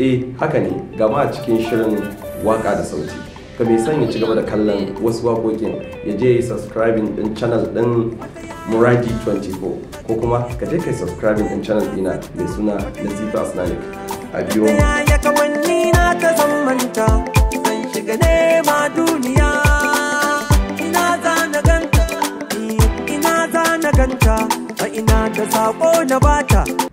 eh haka ne gama cikin shirin waka da sauti ka mai sanya ya ci gaba da kallon wasu wakokin ya je yi subscribing din channel din muradi 24 ko kuma ka je kai subscribing din channel dina mai suna nazifa asnanik a biyo ta ina a eh, ina da sako na bata